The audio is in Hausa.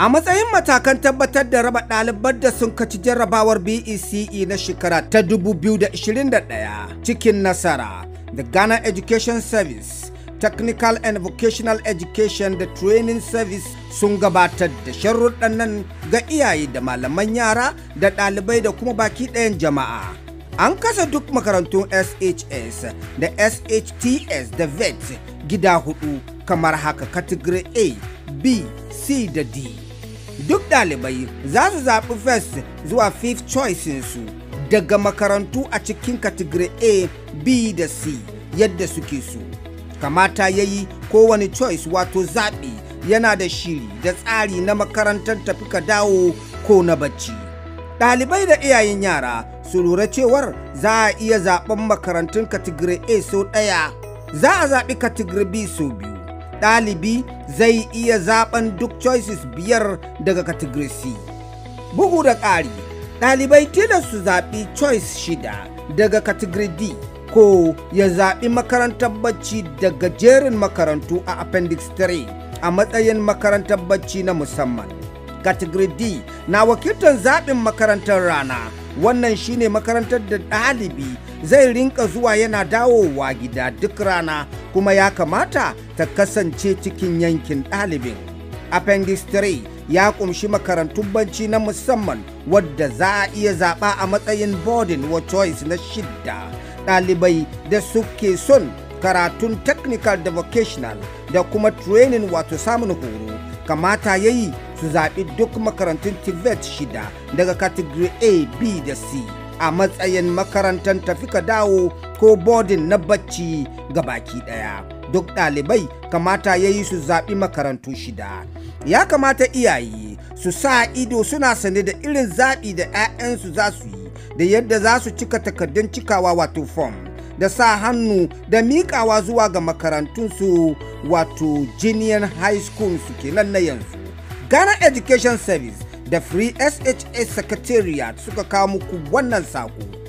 A matsayin matakan tabbatar da raba ɗalibar da sun kaci jarrabawar BECE e na shekara ta 2021 cikin nasara, the Ghana Education Service, Technical and Vocational Education da Training Service sun gabatar da sharruɗan nan ga iyaye da malaman yara da ɗalibai da kuma baki ɗayan jama'a. An kasa duk makarantun SHS da SHTS da VET gida hudu kamar haka category A, B, C da D. duk ɗalibai za su zaɓi first zuwa fifth choice su daga makarantu a cikin category A, B da C yadda suke so. Kamata ya yi kowane choice wato zaɓi yana da shiri da tsari na makarantar tafi ka dawo ko na bacci. Ɗalibai da iyayen yara su lura cewar za a iya zaɓen makarantun category A sau ɗaya, za a zaɓi category B sau biyu. ɗalibi zai iya zaben duk choices biyar daga category C. Bugu da ƙari, ɗalibai tila su zaɓi choice shida daga category D ko ya zaɓi makarantar bacci daga jerin makarantu a appendix 3 a matsayin makarantar bacci na musamman. Category D na wakiltar zaɓin makarantar rana wannan shine makarantar da ɗalibi zai rinka zuwa yana dawowa gida duk rana kuma ya kamata ta kasance cikin yankin ɗalibin appendix 3 ya ƙumshi makarantun banci na musamman wadda za a iya zaɓa a matsayin boarding wa choice na shidda ɗalibai da suke son karatun technical da vocational da kuma training wato samun horo kamata yayi su zaɓi duk makarantun TVET shida daga category A, B da C a matsayin makarantar tafi ka dawo ko boarding na bacci ga baki ɗaya. Duk ɗalibai kamata ya yi su zaɓi makarantu shida. Ya kamata iyaye su sa ido suna sane da irin zaɓi da 'ya'yansu za su yi da yadda za su cika takardun cikawa wato form. da sa hannu da miƙawa zuwa ga makarantunsu wato junior high school su kenan na yanzu Ghana Education Service da Free SHS Secretariat suka kawo muku wannan sako.